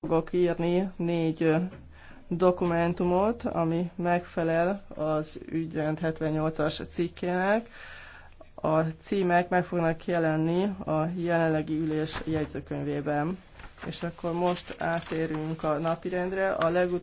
fogok írni négy dokumentumot, ami megfelel az ügyrend 78-as cikkének. A címek meg fognak jelenni a jelenlegi ülés jegyzőkönyvében. És akkor most átérünk a napirendre. A legut-